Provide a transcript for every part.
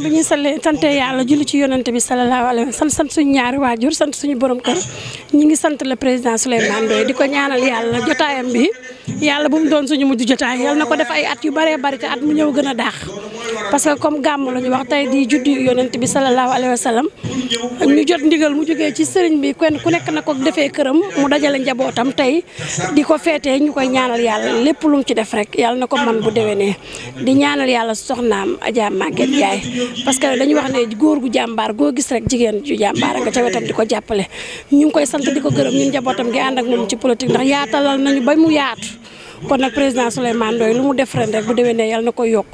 ginnaaw bi ñu sallee sante yàlla julli ci yonante bi salallaahu alayhi wa sant sant suñu ñaari waajur sant suñu borom kër ñi ngi sant la président Souleymane Ndoye di ko ñaanal yàlla jotaayam bi yàlla bu mu doon suñu mujj jotaay yàlla na ko def ay at yu bëree bëri te at mu ñëw gën a daax parce que comme gàmm la ñu wax tey di juddi yonent bi salallaahu alayhi wa sallam ñu jot ndigal mu jógee ci sëriñ bi kenn ku nekk na ko defee këram mu dajale njabootam tey di ko feetee ñu koy ñaanal yàlla lépp lu mu ci def rek yàlla na ko man bu déwénee di ñaanal yàlla soxnaam Adja Maguette Ndiaye parce que dañu wax ne góor gu jàmbaar goo gis rek jigéen ju jàmbaar nga ca wetam di ko jàppale ñu ngi koy sant di ko gërëm ñun njabootam gi ànd ak moom ci politique ndax yaatalal nañu ba mu yaatu kon nag président Souleymane Ndoye lu mu def ren rek bu déwénee yàlla na ko yokk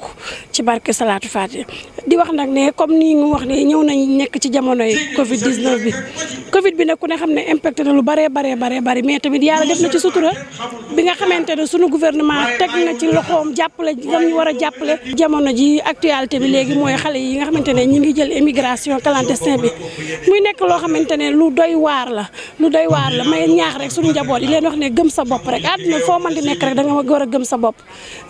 ci barke salaatu faati di wax nag ne comme nii mu wax ne ñëw nañ nekk ci jamono yi Covid bi Covid bi nag ku ne xam ne impacté na lu baree baree baree bari mais tamit yàlla def na ci sutura bi nga xamante ne sunu gouvernement teg na ci loxoom jàppale dam ñu war a jàppale. jamono ji actualité bi léegi mooy xale yi nga xamante ne ñi ngi jël émigration clandestin bi muy nekk loo xamante ne lu doy waar la lu doy waar la may ñaax rek sunu njaboot yi leen wax ne gëm sa bopp rek àdduna foo man di nekk rek da nga war a gëm sa bopp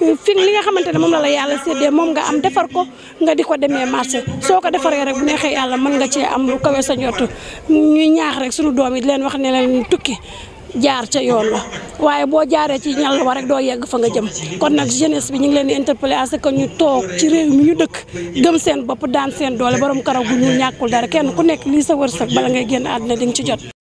fi li nga xamante ne moom la la yàlla séddee moom nga am defar ko nga di ko demee marché soo ko defaree rek bu neexee yàlla mën nga cee am lu sa njort ñuy ñaax rek sunu doom yi di leen wax ne leen tukki jaar ca yoon la waaye boo jaaree ci ñal war rek doo yegg fa nga jëm kon nag jeunesse bi ñu ngi leen di interpellé à que ñu toog ci réew mi ñu dëkk gëm seen bopp daan seen doole borom karaw gu ñu ñàkkul dara kenn ku nekk lii sa wërsëg bala ngay génn àddina di ci jot